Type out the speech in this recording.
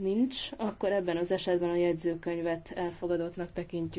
nincs, akkor ebben az esetben a jegyzőkönyvet elfogadottnak tekintjük.